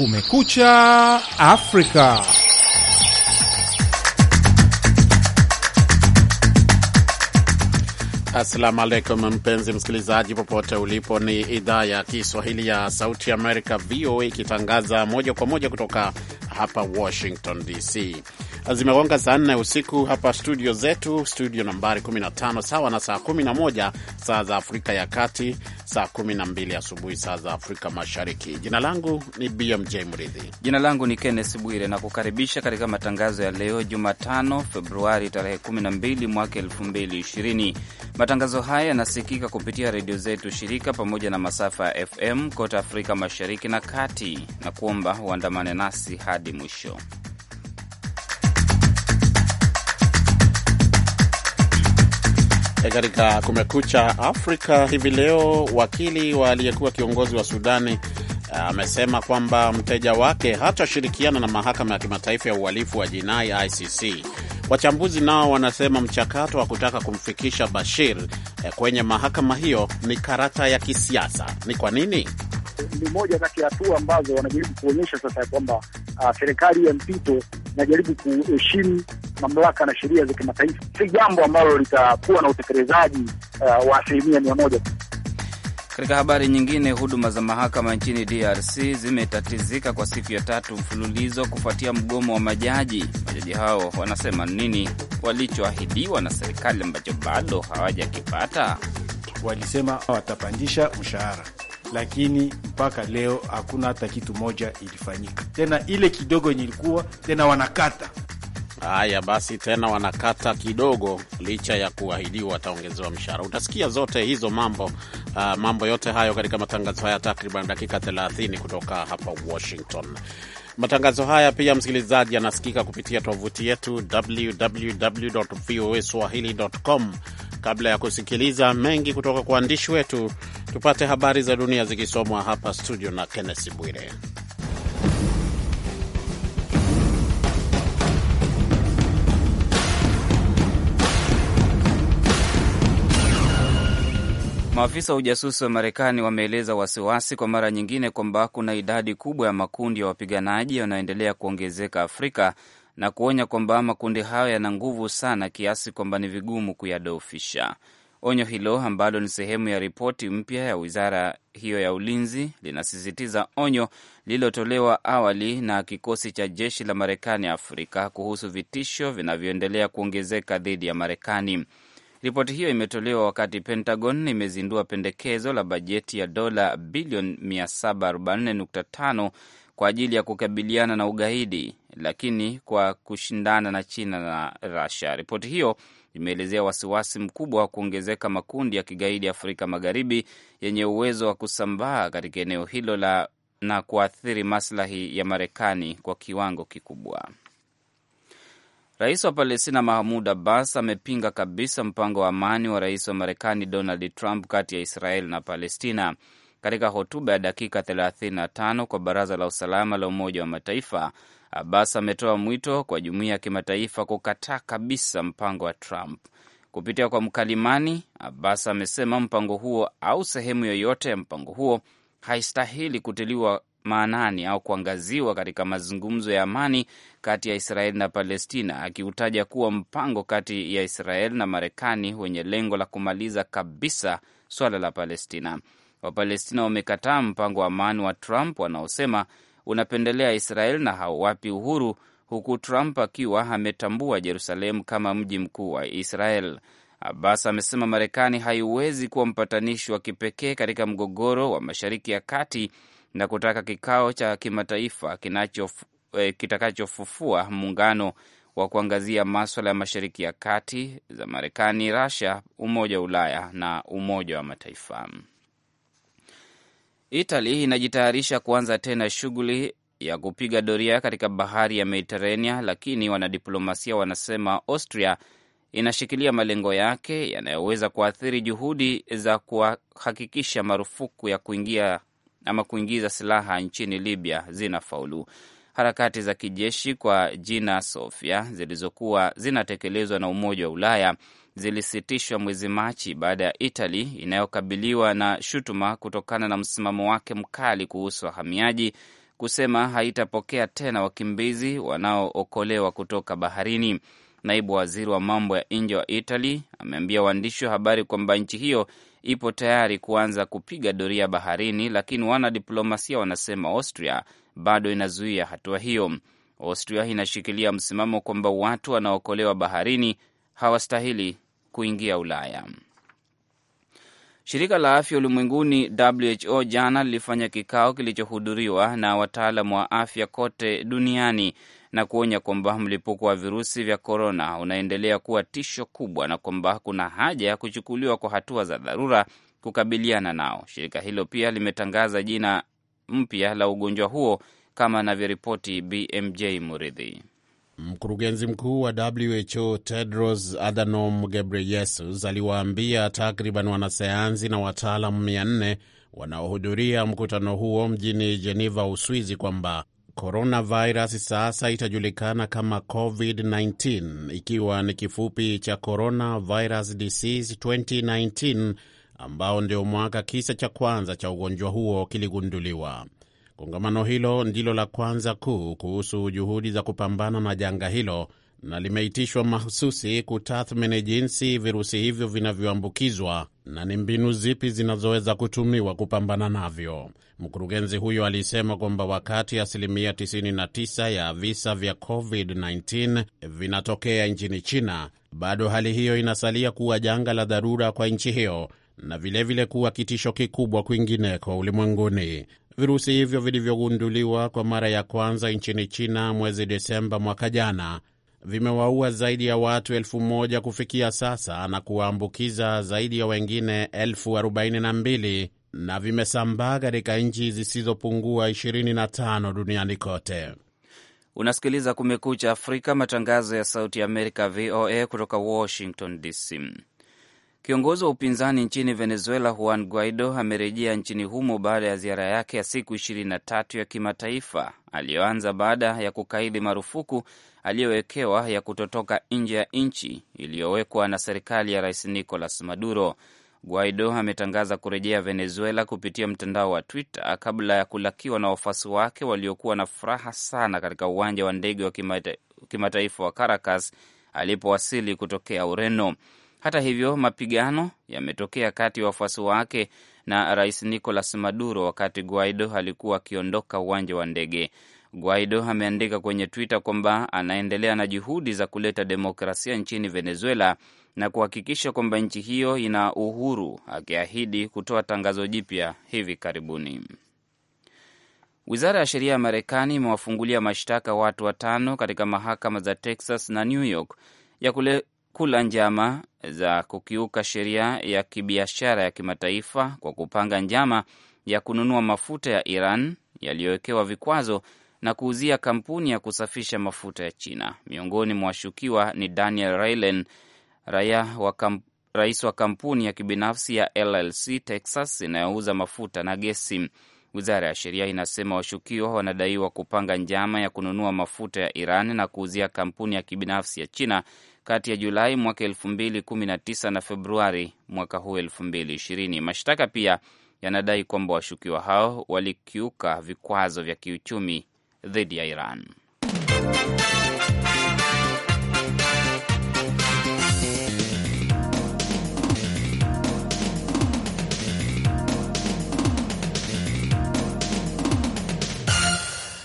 Kumekucha Afrika. Assalamu alaikum, mpenzi msikilizaji, popote ulipo. Ni idhaa ya Kiswahili ya Sauti Amerika, VOA, ikitangaza moja kwa moja kutoka hapa Washington DC zimegonga saa nne usiku hapa studio zetu, studio nambari 15, sawa na saa 11 saa za Afrika ya Kati, saa 12 asubuhi saa za Afrika Mashariki. Jina langu ni BMJ Mridhi. Jina langu ni Kenneth Bwire na kukaribisha katika matangazo ya leo Jumatano, Februari tarehe 12 mwaka 2020. Matangazo haya yanasikika kupitia redio zetu shirika pamoja na masafa ya FM kote Afrika Mashariki na Kati, na kuomba uandamane nasi hadi mwisho. Eh, katika Kumekucha Afrika hivi leo, wakili wa aliyekuwa kiongozi wa Sudani eh, amesema kwamba mteja wake hatashirikiana na mahakama ya kimataifa ya uhalifu wa jinai ICC. Wachambuzi nao wanasema mchakato wa kutaka kumfikisha Bashir eh, kwenye mahakama hiyo ni karata ya kisiasa. Ni kwa nini? Ni moja kati ya hatua ambazo wanajaribu kuonyesha sasa ya kwamba ah, serikali ya mpito inajaribu kuheshimu mamlaka na sheria za kimataifa, si jambo ambalo litakuwa na utekelezaji uh, wa asilimia mia moja. Katika habari nyingine, huduma za mahakama nchini DRC zimetatizika kwa siku ya tatu mfululizo kufuatia mgomo wa majaji. Majaji hao wanasema nini walichoahidiwa na serikali ambacho bado hawajakipata? Walisema watapandisha mshahara, lakini mpaka leo hakuna hata kitu moja ilifanyika. Tena ile kidogo yenye ilikuwa tena wanakata Haya basi, tena wanakata kidogo, licha ya kuahidiwa wataongezewa mshahara. Utasikia zote hizo mambo uh, mambo yote hayo katika matangazo haya takriban dakika 30 kutoka hapa Washington. Matangazo haya pia, msikilizaji, yanasikika kupitia tovuti yetu www voa swahili.com. Kabla ya kusikiliza mengi kutoka kwa waandishi wetu, tupate habari za dunia zikisomwa hapa studio na kennesi Bwire. Maafisa wa ujasusi wa Marekani wameeleza wasiwasi kwa mara nyingine kwamba kuna idadi kubwa ya makundi ya wapiganaji yanayoendelea kuongezeka Afrika na kuonya kwamba makundi hayo yana nguvu sana kiasi kwamba ni vigumu kuyadoofisha Onyo hilo ambalo ni sehemu ya ripoti mpya ya wizara hiyo ya ulinzi linasisitiza onyo lililotolewa awali na kikosi cha jeshi la Marekani Afrika kuhusu vitisho vinavyoendelea kuongezeka dhidi ya Marekani. Ripoti hiyo imetolewa wakati Pentagon imezindua pendekezo la bajeti ya dola bilioni 744.5 kwa ajili ya kukabiliana na ugaidi, lakini kwa kushindana na China na Russia. Ripoti hiyo imeelezea wasiwasi mkubwa wa kuongezeka makundi ya kigaidi Afrika Magharibi yenye uwezo wa kusambaa katika eneo hilo la na kuathiri maslahi ya Marekani kwa kiwango kikubwa. Rais wa Palestina Mahmud Abbas amepinga kabisa mpango wa amani wa rais wa Marekani Donald Trump kati ya Israel na Palestina. Katika hotuba ya dakika 35 kwa Baraza la Usalama la Umoja wa Mataifa, Abbas ametoa mwito kwa jumuiya ya kimataifa kukataa kabisa mpango wa Trump. Kupitia kwa mkalimani, Abbas amesema mpango huo au sehemu yoyote ya mpango huo haistahili kutiliwa maanani au kuangaziwa katika mazungumzo ya amani kati ya Israeli na Palestina, akiutaja kuwa mpango kati ya Israeli na Marekani wenye lengo la kumaliza kabisa swala la Palestina. Wapalestina wamekataa mpango wa amani wa Trump wanaosema unapendelea israel na hauwapi uhuru, huku Trump akiwa ametambua Jerusalemu kama mji mkuu wa israel Abbas amesema Marekani haiwezi kuwa mpatanishi wa kipekee katika mgogoro wa Mashariki ya Kati na kutaka kikao cha kimataifa eh, kitakachofufua muungano wa kuangazia maswala ya Mashariki ya Kati za Marekani, rasia Umoja wa Ulaya na Umoja wa Mataifa. Itali inajitayarisha kuanza tena shughuli ya kupiga doria katika bahari ya Mediterania, lakini wanadiplomasia wanasema Austria inashikilia malengo yake yanayoweza kuathiri juhudi za kuhakikisha marufuku ya kuingia ama kuingiza silaha nchini Libya zinafaulu. Harakati za kijeshi kwa jina Sofia zilizokuwa zinatekelezwa na Umoja wa Ulaya zilisitishwa mwezi Machi baada ya Itali inayokabiliwa na shutuma kutokana na msimamo wake mkali kuhusu wahamiaji kusema haitapokea tena wakimbizi wanaookolewa kutoka baharini. Naibu waziri wa mambo ya nje wa Italy ameambia waandishi wa habari kwamba nchi hiyo ipo tayari kuanza kupiga doria baharini, lakini wanadiplomasia wanasema Austria bado inazuia hatua hiyo. Austria inashikilia msimamo kwamba watu wanaokolewa baharini hawastahili kuingia Ulaya. Shirika la afya ulimwenguni WHO jana lilifanya kikao kilichohudhuriwa na wataalam wa afya kote duniani na kuonya kwamba mlipuko wa virusi vya korona unaendelea kuwa tisho kubwa na kwamba kuna haja ya kuchukuliwa kwa hatua za dharura kukabiliana nao. Shirika hilo pia limetangaza jina mpya la ugonjwa huo kama anavyoripoti BMJ Muridhi. Mkurugenzi mkuu wa WHO Tedros Adhanom Ghebreyesus aliwaambia takriban wanasayansi na wataalamu 400 wanaohudhuria mkutano huo mjini Jeneva, Uswizi, kwamba Coronavirus sasa itajulikana kama COVID-19 ikiwa ni kifupi cha Coronavirus Disease 2019 ambao ndio mwaka kisa cha kwanza cha ugonjwa huo kiligunduliwa. Kongamano hilo ndilo la kwanza kuu kuhusu juhudi za kupambana na janga hilo na limeitishwa mahususi kutathmini jinsi virusi hivyo vinavyoambukizwa na ni mbinu zipi zinazoweza kutumiwa kupambana navyo. Mkurugenzi huyo alisema kwamba wakati asilimia 99 ya visa vya COVID-19 vinatokea nchini China, bado hali hiyo inasalia kuwa janga la dharura kwa nchi hiyo na vilevile vile kuwa kitisho kikubwa kwingineko ulimwenguni. Virusi hivyo vilivyogunduliwa kwa mara ya kwanza nchini China mwezi Desemba mwaka jana vimewaua zaidi ya watu elfu moja kufikia sasa na kuwaambukiza zaidi ya wengine elfu arobaini na mbili na vimesambaa katika nchi zisizopungua 25 duniani kote. Unasikiliza Kumekucha Afrika, matangazo ya Sauti ya Amerika, VOA kutoka Washington DC. Kiongozi wa upinzani nchini Venezuela Juan Guaido amerejea nchini humo baada ya ziara yake ya siku 23 ya kimataifa aliyoanza baada ya kukaidi marufuku aliyowekewa ya kutotoka nje ya nchi iliyowekwa na serikali ya Rais Nicolas Maduro. Guaido ametangaza kurejea Venezuela kupitia mtandao wa Twitter kabla ya kulakiwa na wafuasi wake waliokuwa na furaha sana katika uwanja wa ndege wa kimata, kimataifa wa Caracas alipowasili kutokea Ureno. Hata hivyo, mapigano yametokea kati ya wafuasi wake na rais Nicolas Maduro wakati Guaido alikuwa akiondoka uwanja wa ndege. Guaido ameandika kwenye Twitter kwamba anaendelea na juhudi za kuleta demokrasia nchini Venezuela na kuhakikisha kwamba nchi hiyo ina uhuru, akiahidi kutoa tangazo jipya hivi karibuni. Wizara ya sheria ya Marekani imewafungulia mashtaka watu watano katika mahakama za Texas na New York ya kule kula njama za kukiuka sheria ya kibiashara ya kimataifa kwa kupanga njama ya kununua mafuta ya Iran yaliyowekewa vikwazo na kuuzia kampuni ya kusafisha mafuta ya China. Miongoni mwa washukiwa ni Daniel Railen, raia wa kamp, rais wa kampuni ya kibinafsi ya LLC Texas inayouza mafuta na gesi. Wizara ya sheria inasema washukiwa wanadaiwa kupanga njama ya kununua mafuta ya Iran na kuuzia kampuni ya kibinafsi ya China kati ya Julai mwaka 2019 na Februari mwaka huu 2020. Mashtaka pia yanadai kwamba washukiwa hao walikiuka vikwazo vya kiuchumi dhidi ya Iran.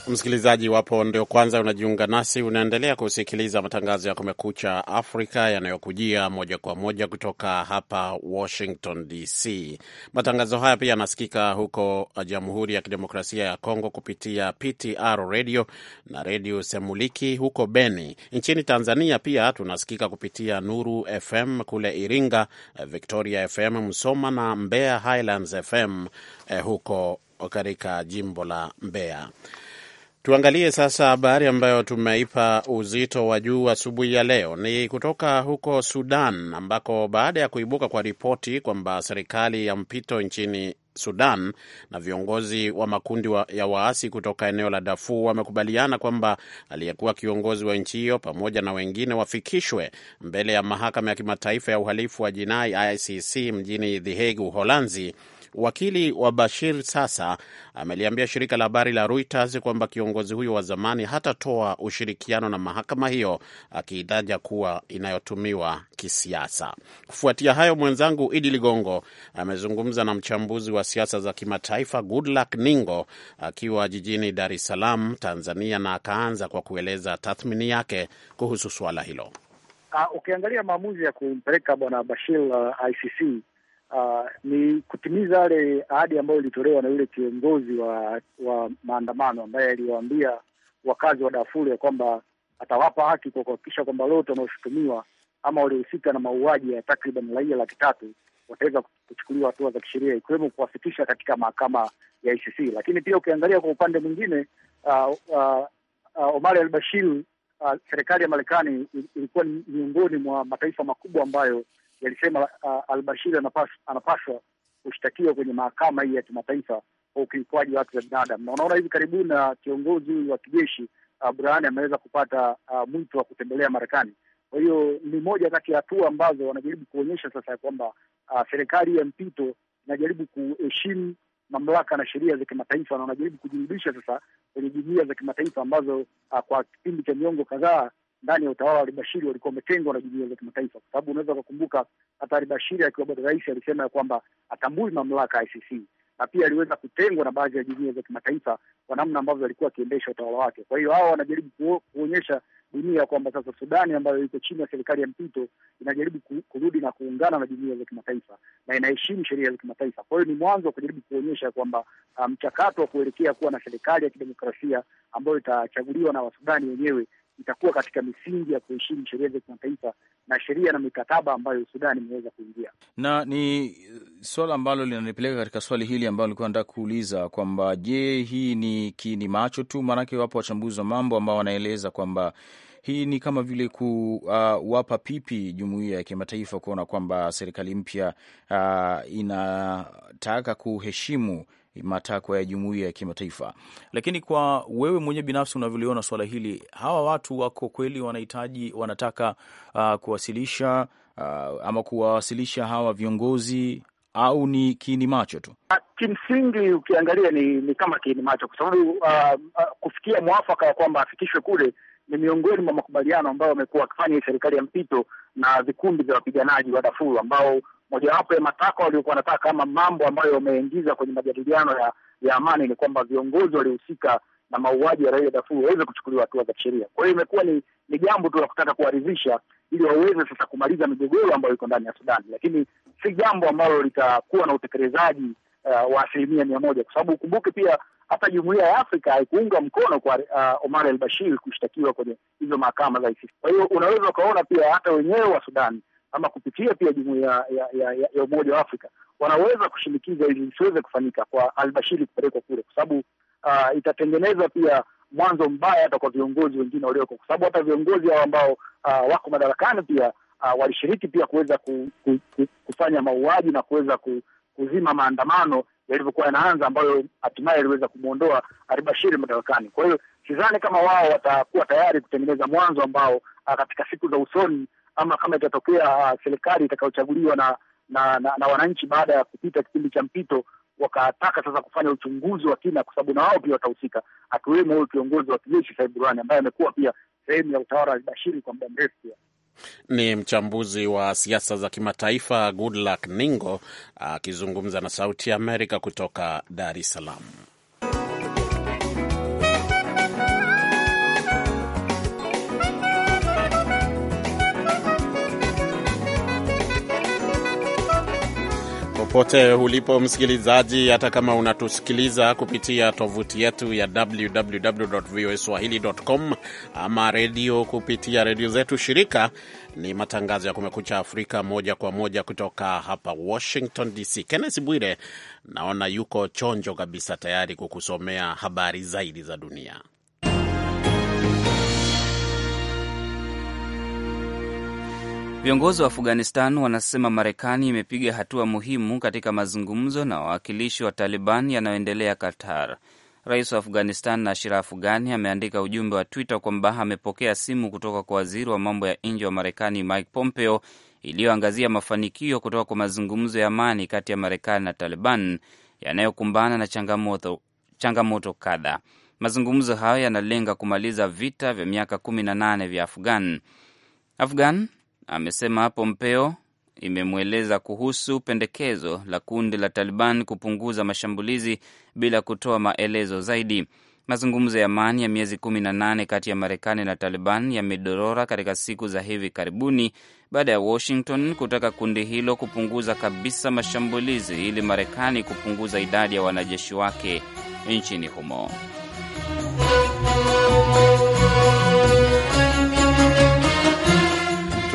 Msikilizaji wapo ndio kwanza unajiunga nasi, unaendelea kusikiliza matangazo ya Kumekucha Afrika yanayokujia moja kwa moja kutoka hapa Washington DC. Matangazo haya pia yanasikika huko Jamhuri ya Kidemokrasia ya Kongo kupitia PTR Radio na Redio Semuliki huko Beni. Nchini Tanzania pia tunasikika kupitia Nuru FM kule Iringa, Victoria FM Msoma na Mbeya Highlands FM eh, huko katika jimbo la Mbeya. Tuangalie sasa habari ambayo tumeipa uzito wa juu asubuhi ya leo ni kutoka huko Sudan, ambako baada ya kuibuka kwa ripoti kwamba serikali ya mpito nchini Sudan na viongozi wa makundi wa ya waasi kutoka eneo la Darfur wamekubaliana kwamba aliyekuwa kiongozi wa nchi hiyo pamoja na wengine wafikishwe mbele ya mahakama ya kimataifa ya uhalifu wa jinai ICC mjini The Hague, Uholanzi Wakili wa Bashir sasa ameliambia shirika la habari la Reuters kwamba kiongozi huyo wa zamani hatatoa ushirikiano na mahakama hiyo, akiitaja kuwa inayotumiwa kisiasa. Kufuatia hayo, mwenzangu Idi Ligongo amezungumza na mchambuzi wa siasa za kimataifa Goodluck Ningo akiwa jijini Dar es Salaam, Tanzania, na akaanza kwa kueleza tathmini yake kuhusu suala hilo. Ah, ukiangalia maamuzi ya kumpeleka bwana Bashir uh, ICC uh, ni kutimiza yale ahadi ambayo ilitolewa na yule kiongozi wa wa maandamano ambaye aliwaambia wakazi wa Darfur ya kwamba atawapa haki kwa kuhakikisha kwamba wote wanaoshutumiwa ama waliohusika na mauaji ya takriban raia laki tatu wataweza kuchukuliwa hatua za kisheria ikiwemo kuwafikisha katika mahakama ya ICC. Lakini pia ukiangalia kwa upande mwingine, uh, uh, uh, Omar al-Bashir, uh, serikali ya Marekani ilikuwa miongoni mwa mataifa makubwa ambayo yalisema uh, Albashiri anapaswa kushtakiwa kwenye mahakama hii ya kimataifa kwa ukiukwaji wa haki za binadamu, na unaona hivi karibuni na kiongozi huyu wa kijeshi uh, Burhani ameweza kupata uh, mwito wa kutembelea Marekani. Kwa hiyo ni moja kati ya hatua ambazo wanajaribu kuonyesha sasa ya kwamba uh, serikali ya mpito inajaribu kuheshimu mamlaka na sheria za kimataifa na wanajaribu kujirudisha sasa kwenye jumuia za kimataifa ambazo uh, kwa kipindi cha miongo kadhaa ndani ya utawala wa Alibashiri walikuwa wametengwa na jumuiya za kimataifa, kwa sababu unaweza ukakumbuka hata Alibashiri akiwa bado rais alisema ya kwamba atambui mamlaka ya ICC na pia aliweza kutengwa na baadhi ya jumuiya za kimataifa kwa namna ambavyo alikuwa akiendesha utawala wake. Kwa hiyo hawa wanajaribu kuonyesha dunia kwamba sasa Sudani ambayo iko chini ya serikali ya mpito inajaribu kurudi na kuungana na jumuiya za kimataifa na inaheshimu sheria za kimataifa. Kwa hiyo ni mwanzo wa kujaribu kuonyesha kwamba uh, mchakato um, wa kuelekea kuwa na serikali ya kidemokrasia ambayo itachaguliwa na Wasudani wenyewe itakuwa katika misingi ya kuheshimu sheria za kimataifa na sheria na mikataba ambayo Sudan imeweza kuingia. Na ni uh, swala ambalo linanipeleka katika swali hili ambalo nilikuwa nataka kuuliza kwamba je, hii ni kiini macho tu? Maanake wapo wachambuzi wa mambo ambao wanaeleza kwamba hii ni kama vile kuwapa uh, pipi jumuiya ya kimataifa kuona kwamba serikali mpya uh, inataka kuheshimu matakwa ya jumuiya ya kimataifa. Lakini kwa wewe mwenye binafsi unavyoliona swala hili, hawa watu wako kweli wanahitaji, wanataka uh, kuwasilisha uh, ama kuwawasilisha hawa viongozi au ni kiini macho tu? Ah, kimsingi ukiangalia ni, ni kama kiini macho, kwa sababu uh, uh, kufikia mwafaka ya kwamba afikishwe kule ni miongoni mwa makubaliano ambayo wamekuwa wakifanya serikali ya mpito na vikundi vya wapiganaji wa Darfur, ambao mojawapo ya matakwa waliokuwa wanataka ama mambo ambayo wameingiza kwenye majadiliano ya, ya amani ni kwamba viongozi waliohusika na mauaji ya raia Darfur waweze kuchukuliwa hatua za kisheria. Kwa hiyo imekuwa ni, ni jambo tu la kutaka kuwaridhisha ili waweze sasa kumaliza migogoro ambayo iko ndani ya Sudani, lakini si jambo ambalo litakuwa na utekelezaji uh, wa asilimia mia moja kwa sababu ukumbuke pia hata jumuiya ya Afrika haikuunga mkono kwa uh, Omar al Bashir kushtakiwa kwenye hizo mahakama za ICC. Kwa hiyo unaweza ukaona pia hata wenyewe wa Sudani ama kupitia pia jumuiya ya, ya, ya, ya Umoja wa Afrika wanaweza kushinikiza ili isiweze kufanyika kwa al Bashiri kupelekwa kule, kwa sababu uh, itatengeneza pia mwanzo mbaya hata kwa viongozi wengine walioko, kwa sababu hata viongozi hao ambao uh, wako madarakani pia uh, walishiriki pia kuweza ku, ku, ku, kufanya mauaji na kuweza ku, kuzima maandamano yalivyokuwa yanaanza, ambayo hatimaye yaliweza kumwondoa Albashiri madarakani. Kwa hiyo sidhani kama wao watakuwa tayari kutengeneza mwanzo ambao ah, katika siku za usoni ama kama itatokea ah, serikali itakayochaguliwa na na, na na wananchi baada ya kupita kipindi cha mpito wakataka sasa kufanya uchunguzi wa kina, kwa sababu na wao pia watahusika, akiwemo huyo kiongozi wa kijeshi saiburani ambaye amekuwa pia sehemu ya utawala wa Albashiri kwa muda mrefu pia. Ni mchambuzi wa siasa za kimataifa Goodluck Ningo akizungumza na Sauti ya Amerika kutoka Dar es Salaam. popote ulipo msikilizaji, hata kama unatusikiliza kupitia tovuti yetu ya www.voaswahili.com ama redio kupitia redio zetu shirika. Ni matangazo ya Kumekucha Afrika moja kwa moja kutoka hapa Washington DC. kennes Bwire naona yuko chonjo kabisa, tayari kukusomea habari zaidi za dunia. Viongozi wa Afghanistan wanasema Marekani imepiga hatua muhimu katika mazungumzo na wawakilishi wa Taliban yanayoendelea Qatar. Rais wa Afghanistan Ashraf Ghani ameandika ujumbe wa Twitter kwamba amepokea simu kutoka kwa waziri wa mambo ya nje wa Marekani Mike Pompeo iliyoangazia mafanikio kutoka kwa mazungumzo ya amani kati ya Marekani na Taliban yanayokumbana na changamoto, changamoto kadha. Mazungumzo hayo yanalenga kumaliza vita vya miaka 18 vya Afghan Afghan amesema hapo Pompeo imemweleza kuhusu pendekezo la kundi la Taliban kupunguza mashambulizi bila kutoa maelezo zaidi. Mazungumzo ya amani ya miezi kumi na nane kati ya Marekani na Taliban yamedorora katika siku za hivi karibuni baada ya Washington kutaka kundi hilo kupunguza kabisa mashambulizi ili Marekani kupunguza idadi ya wanajeshi wake nchini humo.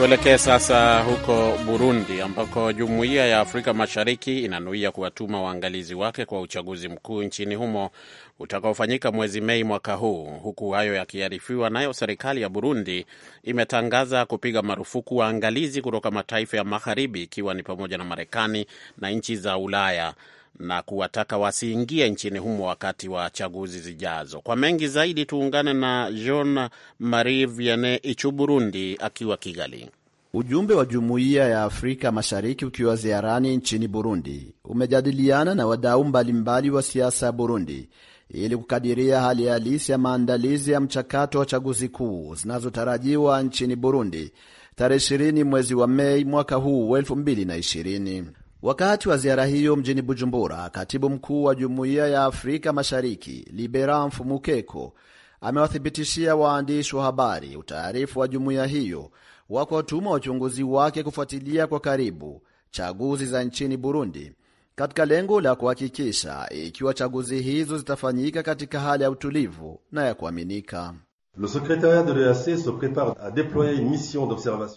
Tuelekee sasa huko Burundi ambako jumuiya ya Afrika Mashariki inanuia kuwatuma waangalizi wake kwa uchaguzi mkuu nchini humo utakaofanyika mwezi Mei mwaka huu. Huku hayo yakiarifiwa, nayo serikali ya Burundi imetangaza kupiga marufuku waangalizi kutoka mataifa ya magharibi, ikiwa ni pamoja na Marekani na nchi za Ulaya na kuwataka wasiingie nchini humo wakati wa chaguzi zijazo. Kwa mengi zaidi, tuungane na Jean Marie Vianney Ichu Burundi akiwa Kigali. Ujumbe wa Jumuiya ya Afrika Mashariki ukiwa ziarani nchini Burundi umejadiliana na wadau mbalimbali wa siasa ya Burundi ili kukadiria hali halisi ya maandalizi ya mchakato wa chaguzi kuu zinazotarajiwa nchini Burundi tarehe 20 mwezi wa Mei mwaka huu 2020. Wakati wa ziara hiyo mjini Bujumbura, katibu mkuu wa Jumuiya ya Afrika Mashariki Liberan Mfumukeko amewathibitishia waandishi wa habari utaarifu wa jumuiya hiyo wa kuwatuma wachunguzi wake kufuatilia kwa karibu chaguzi za nchini Burundi katika lengo la kuhakikisha ikiwa chaguzi hizo zitafanyika katika hali ya utulivu na ya kuaminika.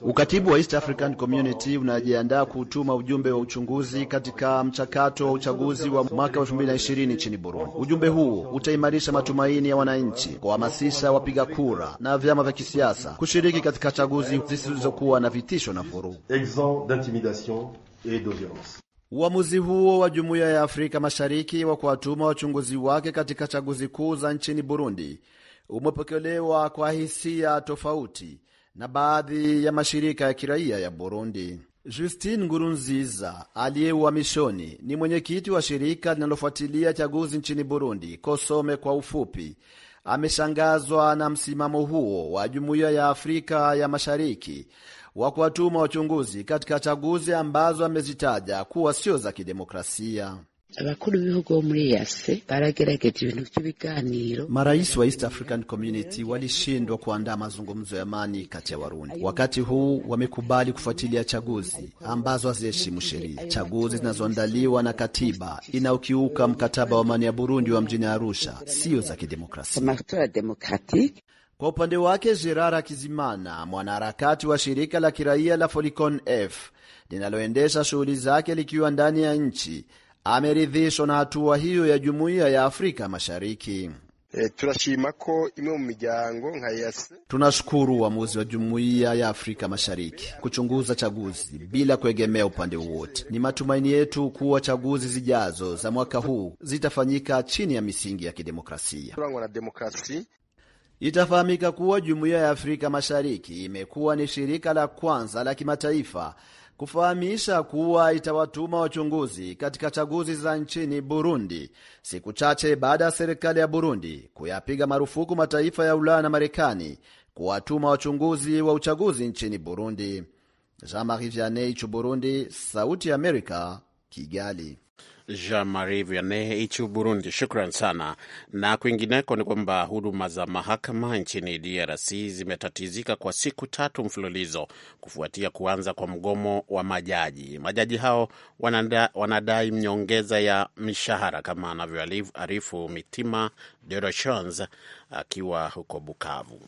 Ukatibu wa East African Community unajiandaa kutuma ujumbe wa uchunguzi katika mchakato wa uchaguzi wa mwaka 2020 nchini Burundi. Ujumbe huu utaimarisha matumaini ya wananchi, kuhamasisha wapiga kura na vyama vya kisiasa kushiriki katika chaguzi zisizokuwa na vitisho na vurugu. Uamuzi huo wa Jumuiya ya Afrika Mashariki wa kuwatuma wachunguzi wake katika chaguzi kuu za nchini Burundi umepokelewa kwa hisia tofauti na baadhi ya mashirika ya kiraia ya Burundi. justin Ngurunziza aliye uhamishoni ni mwenyekiti wa shirika linalofuatilia chaguzi nchini Burundi, Kosome kwa ufupi, ameshangazwa na msimamo huo wa Jumuiya ya Afrika ya Mashariki wa kuwatuma wachunguzi katika chaguzi ambazo amezitaja kuwa sio za kidemokrasia abakuru bihugu muri yase baragerageje ibintu by'ibiganiro. Marais wa East African Community walishindwa kuandaa mazungumzo ya amani kati ya Warundi. Wakati huu wamekubali kufuatilia chaguzi ambazo haziheshimu sheria, chaguzi zinazoandaliwa na katiba inayokiuka mkataba wa amani ya Burundi wa mjini Arusha, sio za kidemokrasia. Kwa upande wake Gerard akizimana mwanaharakati wa shirika la kiraia la Folicon F linaloendesha shughuli zake likiwa ndani ya nchi ameridhishwa na hatua hiyo ya Jumuiya ya Afrika Mashariki. E, turashima ko imwe mu miryango nka Tunashukuru uamuzi wa, wa Jumuiya ya Afrika Mashariki kuchunguza chaguzi bila kuegemea upande wowote. Ni matumaini yetu kuwa chaguzi zijazo za mwaka huu zitafanyika chini ya misingi ya kidemokrasia. Itafahamika kuwa Jumuiya ya Afrika Mashariki imekuwa ni shirika la kwanza la kimataifa kufahamisha kuwa itawatuma wachunguzi katika chaguzi za nchini Burundi siku chache baada ya serikali ya Burundi kuyapiga marufuku mataifa ya Ulaya na Marekani kuwatuma wachunguzi wa uchaguzi nchini Burundi. Jean Marie Vianney, Burundi, Sauti ya Amerika, Kigali. Jean Marie Vianney Ichu, Burundi. Shukran sana. Na kwingineko ni kwamba huduma za mahakama nchini DRC zimetatizika kwa siku tatu mfululizo kufuatia kuanza kwa mgomo wa majaji. Majaji hao wanada, wanadai nyongeza ya mishahara kama anavyoarifu Mitima de akiwa huko Bukavu.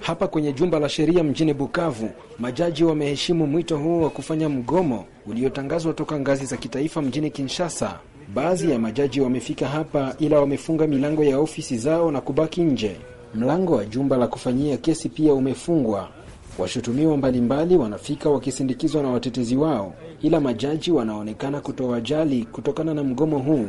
Hapa kwenye jumba la sheria mjini Bukavu, majaji wameheshimu mwito huo wa kufanya mgomo uliotangazwa toka ngazi za kitaifa mjini Kinshasa. Baadhi ya majaji wamefika hapa, ila wamefunga milango ya ofisi zao na kubaki nje. Mlango wa jumba la kufanyia kesi pia umefungwa. Washutumiwa mbalimbali wanafika wakisindikizwa na watetezi wao, ila majaji wanaonekana kutowajali kutokana na mgomo huu.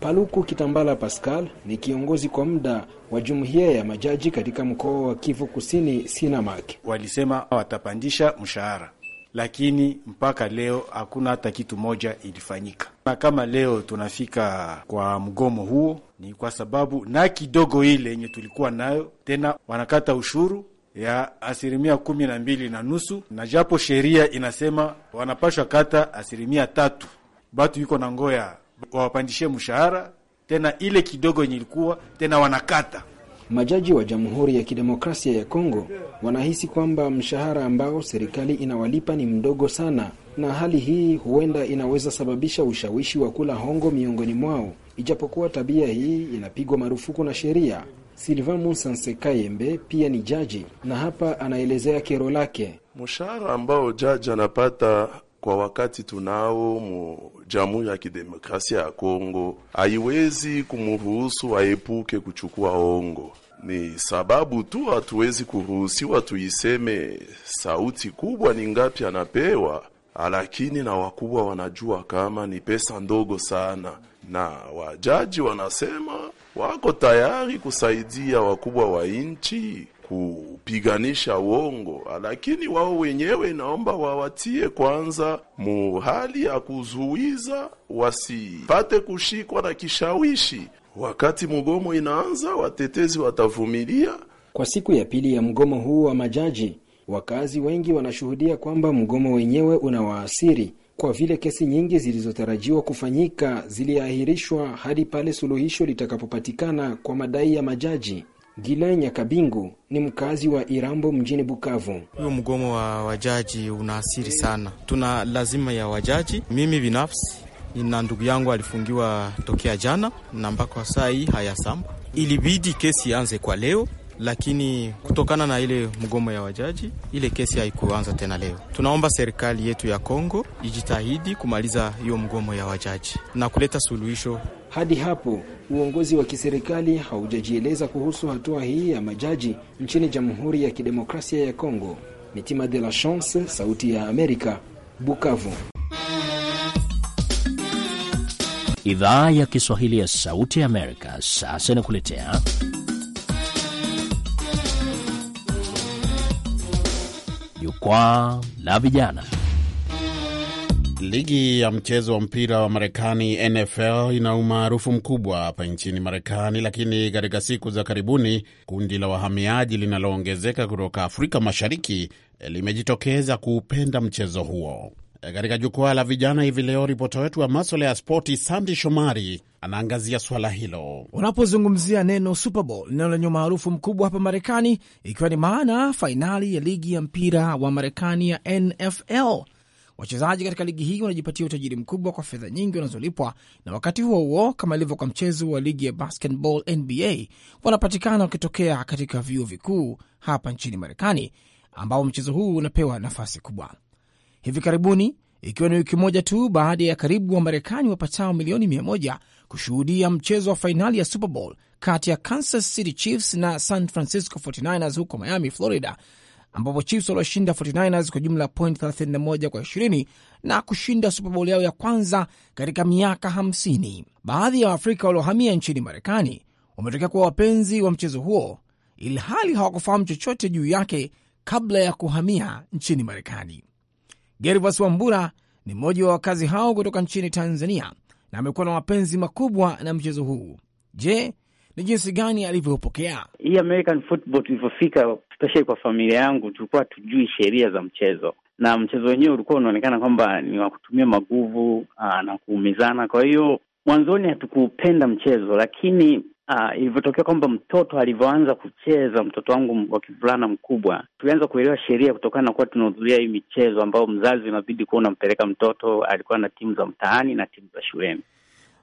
Paluku Kitambala Pascal ni kiongozi kwa muda wa jumuiya ya majaji katika mkoa wa Kivu Kusini Sinamak. Walisema watapandisha mshahara, lakini mpaka leo hakuna hata kitu moja ilifanyika. Na kama leo tunafika kwa mgomo huo, ni kwa sababu na kidogo ile yenye tulikuwa nayo tena wanakata ushuru ya asilimia kumi na mbili na nusu na japo sheria inasema wanapashwa kata asilimia tatu, batu iko na ngoya wawapandishie mshahara tena ile kidogo yenye ilikuwa tena wanakata. Majaji wa Jamhuri ya Kidemokrasia ya Kongo wanahisi kwamba mshahara ambao serikali inawalipa ni mdogo sana, na hali hii huenda inaweza sababisha ushawishi wa kula hongo miongoni mwao, ijapokuwa tabia hii inapigwa marufuku na sheria. Silva Musanse Kayembe pia ni jaji na hapa anaelezea kero lake. Mshahara ambao jaji anapata kwa wakati tunao mu Jamhuri ya Kidemokrasia ya Kongo, haiwezi kumruhusu aepuke kuchukua ongo. Ni sababu tu hatuwezi kuruhusiwa tuiseme sauti kubwa ni ngapi anapewa, lakini na wakubwa wanajua kama ni pesa ndogo sana, na wajaji wanasema wako tayari kusaidia wakubwa wa nchi kupiganisha uongo, lakini wao wenyewe naomba wawatie kwanza mu hali ya kuzuiza wasipate kushikwa na kishawishi. Wakati mgomo inaanza, watetezi watavumilia. Kwa siku ya pili ya mgomo huu wa majaji, wakazi wengi wanashuhudia kwamba mgomo wenyewe unawaasiri kwa vile kesi nyingi zilizotarajiwa kufanyika ziliahirishwa hadi pale suluhisho litakapopatikana kwa madai ya majaji. Gila Nyakabingu ni mkazi wa Irambo mjini Bukavu. Huyo mgomo wa wajaji unaasiri sana, tuna lazima ya wajaji. Mimi binafsi na ndugu yangu alifungiwa tokea jana na mpaka saa hii hayasamba. Ilibidi kesi ianze kwa leo, lakini kutokana na ile mgomo ya wajaji ile kesi haikuanza tena leo. Tunaomba serikali yetu ya Kongo ijitahidi kumaliza hiyo mgomo ya wajaji na kuleta suluhisho hadi hapo uongozi wa kiserikali haujajieleza kuhusu hatua hii ya majaji nchini Jamhuri ya Kidemokrasia ya Kongo. Mitima de la Chance, Sauti ya Amerika, Bukavu. Idhaa ya Kiswahili ya Sauti ya Amerika sasa inakuletea Jukwaa la Vijana. Ligi ya mchezo wa mpira wa Marekani NFL ina umaarufu mkubwa hapa nchini Marekani, lakini katika siku za karibuni kundi la wahamiaji linaloongezeka kutoka Afrika Mashariki eh, limejitokeza kuupenda mchezo huo. Eh, katika jukwaa la vijana hivi leo, ripota wetu wa maswala ya spoti Sandi Shomari anaangazia swala hilo. Unapozungumzia neno Super Bowl neno lenye umaarufu mkubwa hapa Marekani, ikiwa ni maana fainali ya ligi ya mpira wa Marekani ya NFL Wachezaji katika ligi hii wanajipatia utajiri mkubwa kwa fedha nyingi wanazolipwa, na wakati huo huo, kama ilivyo kwa mchezo wa ligi ya basketball NBA, wanapatikana wakitokea katika vyuo vikuu hapa nchini Marekani, ambao mchezo huu unapewa nafasi kubwa. Hivi karibuni ikiwa ni wiki moja tu baada ya karibu wa marekani wapatao milioni mia moja kushuhudia mchezo wa fainali ya Super Bowl kati ya Kansas City Chiefs na San Francisco 49ers huko Miami, Florida ambapo Chiefs walioshinda 49ers kwa jumla ya point 31 kwa 20 na kushinda Super Bowl yao ya kwanza katika miaka 50. Baadhi ya Waafrika waliohamia nchini Marekani wametokea kuwa wapenzi wa mchezo huo, ilhali hawakufahamu chochote juu yake kabla ya kuhamia nchini Marekani. Gervas Wambura ni mmoja wa wakazi hao kutoka nchini Tanzania na amekuwa na mapenzi makubwa na mchezo huu. Je, ni jinsi gani alivyopokea hii American football. Tulivyofika especially kwa familia yangu, tulikuwa hatujui sheria za mchezo, na mchezo wenyewe ulikuwa unaonekana kwamba ni wa kutumia maguvu ah, na kuumizana. Kwa hiyo mwanzoni hatukupenda mchezo, lakini Uh, ilivyotokea kwamba mtoto alivyoanza kucheza, mtoto wangu wa kivulana mkubwa, tulianza kuelewa sheria kutokana na kuwa tunahudhuria hii michezo ambayo mzazi unabidi kuwa unampeleka mtoto. Alikuwa na timu za mtaani na timu za shuleni.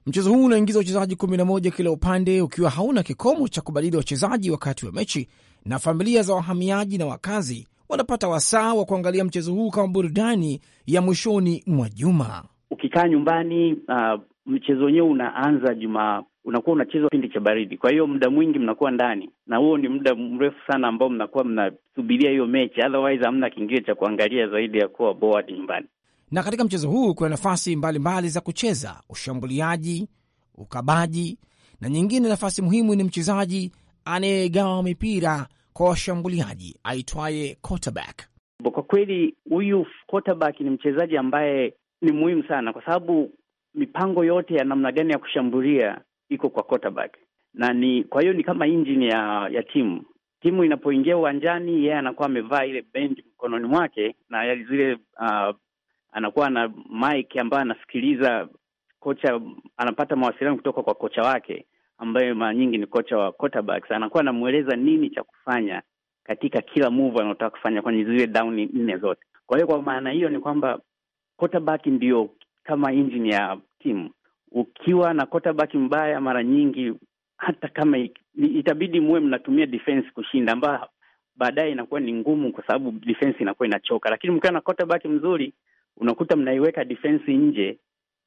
Mchezo huu unaingiza wachezaji 11 kila upande, ukiwa hauna kikomo cha kubadili wachezaji wakati wa mechi, na familia za wahamiaji na wakazi wanapata wasaa wa kuangalia mchezo huu kama burudani ya mwishoni mwa juma. Ukikaa nyumbani, uh, mchezo wenyewe unaanza juma unakuwa unachezwa kipindi cha baridi, kwa hiyo muda mwingi mnakuwa ndani, na huo ni muda mrefu sana ambao mnakuwa mnasubiria hiyo mechi, otherwise hamna kingine cha kuangalia zaidi ya kuwa bored nyumbani na katika mchezo huu kuna nafasi mbalimbali mbali za kucheza: ushambuliaji, ukabaji na nyingine. Nafasi muhimu ni mchezaji anayegawa mipira kwa washambuliaji aitwaye quarterback. Kwa kweli huyu quarterback ni mchezaji ambaye ni muhimu sana, kwa sababu mipango yote ya namna gani ya kushambulia iko kwa quarterback, na ni kwa hiyo ni kama injini ya, ya timu timu inapoingia uwanjani, yeye anakuwa amevaa ile bendi mkononi mwake na zile uh, anakuwa na mic ambayo anasikiliza kocha, anapata mawasiliano kutoka kwa kocha wake ambaye mara nyingi ni kocha wa quarterbacks. Anakuwa anamweleza nini cha kufanya katika kila move anaotaka kufanya kwenye zile down nne zote. Kwa hiyo kwa maana hiyo ni kwamba quarterback ndio kama engine ya timu. Ukiwa na quarterback mbaya, mara nyingi hata kama itabidi muwe mnatumia defense kushinda, ambayo baadaye inakuwa ni ngumu, kwa sababu defense inakuwa inachoka. Lakini mkiwa na quarterback mzuri, unakuta mnaiweka defense nje,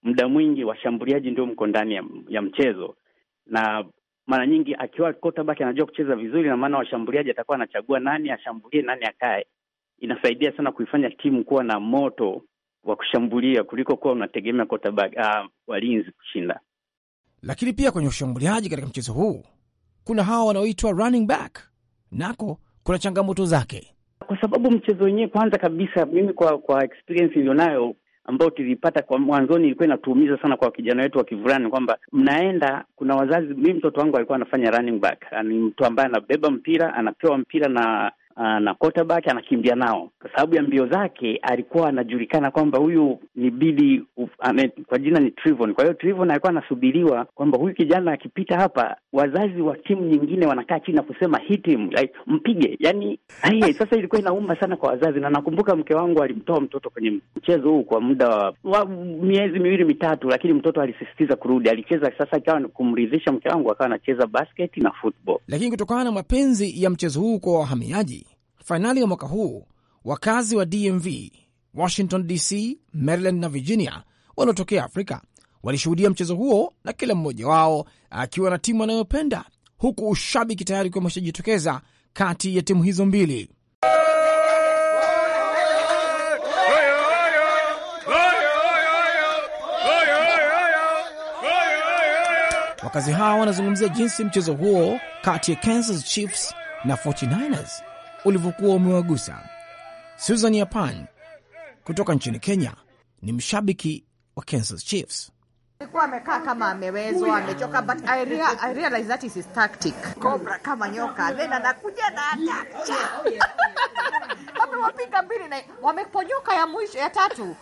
muda mwingi washambuliaji ndio mko ndani ya, ya mchezo, na mara nyingi akiwa quarterback anajua kucheza vizuri, na maana washambuliaji atakuwa anachagua nani ashambulie nani akae. Inasaidia sana kuifanya timu kuwa na moto wa kushambulia kuliko kuwa unategemea quarterback uh, walinzi kushinda. Lakini pia kwenye ushambuliaji katika mchezo huu kuna hawa wanaoitwa running back, nako kuna changamoto zake kwa sababu mchezo wenyewe, kwanza kabisa, mimi kwa kwa experience nilionayo ambayo tulipata kwa mwanzoni, ilikuwa inatuumiza sana kwa kijana wetu wa kivurani kwamba mnaenda, kuna wazazi. Mimi mtoto wangu alikuwa anafanya running back, ni mtu ambaye anabeba mpira, anapewa mpira na Ah, na quarterback anakimbia nao. Kwa sababu ya mbio zake, alikuwa anajulikana kwamba huyu ni bidi uf, ah, ame, kwa jina ni Trivon. Kwa hiyo Trivon alikuwa anasubiriwa kwamba huyu kijana akipita hapa, wazazi wa timu nyingine wanakaa chini na kusema hii timu like, mpige yani aye. Sasa ilikuwa inauma sana kwa wazazi, na nakumbuka mke wangu alimtoa mtoto kwenye mchezo huu kwa muda wa, wa miezi miwili mitatu, lakini mtoto alisisitiza kurudi. Alicheza sasa, ikawa kumridhisha mke wangu, akawa anacheza basket na football. Lakini kutokana na mapenzi ya mchezo huu kwa wahamiaji Fainali ya mwaka huu wakazi wa DMV, Washington DC, Maryland na Virginia waliotokea Afrika walishuhudia mchezo huo, na kila mmoja wao akiwa na timu anayopenda, huku ushabiki tayari kuwa umeshajitokeza kati ya timu hizo mbili. Wakazi hao wanazungumzia jinsi mchezo huo kati ya Kansas Chiefs na 49ers ulivyokuwa umewagusa. Susan Yapan kutoka nchini Kenya ni mshabiki wa Kansas Chiefs. Alikuwa amekaa kama amewezwa, amechoka, but I realize that is his tactic. Cobra kama nyoka, then anakuja na atacha. Wamewapiga mbili na wameponyoka ya mwisho ya tatu.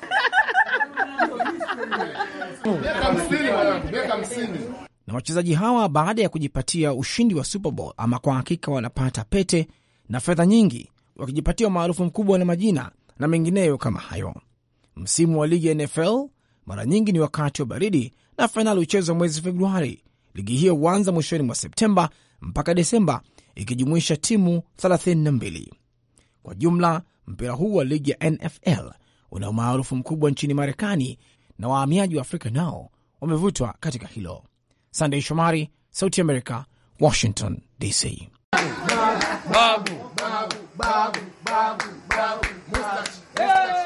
Na wachezaji hawa baada ya kujipatia ushindi wa Super Bowl ama kwa hakika wanapata pete na fedha nyingi, wakijipatia umaarufu mkubwa na majina na mengineyo kama hayo. Msimu wa ligi ya NFL mara nyingi ni wakati wa baridi na fainali huchezwa mwezi Februari. Ligi hiyo huanza mwishoni mwa Septemba mpaka Desemba, ikijumuisha timu 32. Kwa jumla, mpira huu wa ligi ya NFL una umaarufu mkubwa nchini Marekani, na wahamiaji wa Afrika nao wamevutwa katika hilo. Sandey Shomari, Sauti America, Washington DC. babu, babu, babu, babu, babu, babu, babu,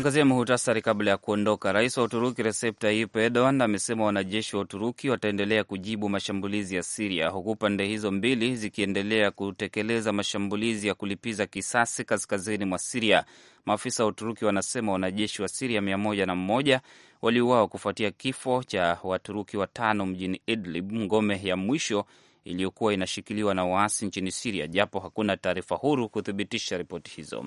Tuangazie muhutasari kabla ya kuondoka. Rais wa Uturuki Recep Tayyip Erdogan amesema wanajeshi wa Uturuki wataendelea kujibu mashambulizi ya Siria, huku pande hizo mbili zikiendelea kutekeleza mashambulizi ya kulipiza kisasi kaskazini mwa Siria. Maafisa wa Uturuki wanasema wanajeshi wa Siria mia moja na mmoja waliuawa kufuatia kifo cha Waturuki watano mjini Idlib, ngome ya mwisho iliyokuwa inashikiliwa na waasi nchini Siria, japo hakuna taarifa huru kuthibitisha ripoti hizo.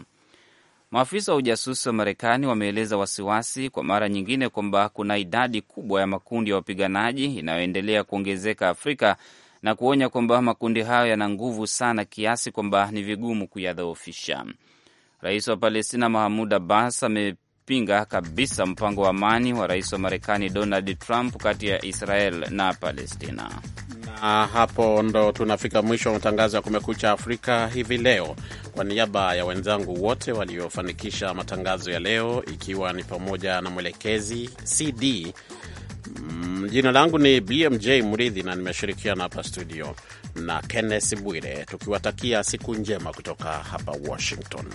Maafisa wa ujasusi wa Marekani wameeleza wasiwasi kwa mara nyingine kwamba kuna idadi kubwa ya makundi ya wapiganaji inayoendelea kuongezeka Afrika na kuonya kwamba makundi hayo yana nguvu sana kiasi kwamba ni vigumu kuyadhoofisha. Rais wa Palestina Mahmud Abbas ame kupinga kabisa mpango wa amani wa rais wa Marekani Donald Trump kati ya Israel na Palestina. Na hapo ndo tunafika mwisho wa matangazo ya Kumekucha Afrika hivi leo. Kwa niaba ya wenzangu wote waliofanikisha matangazo ya leo, ikiwa ni pamoja na mwelekezi CD, mm, jina langu ni BMJ Mridhi na nimeshirikiana hapa studio na Kenneth Bwire, tukiwatakia siku njema kutoka hapa Washington.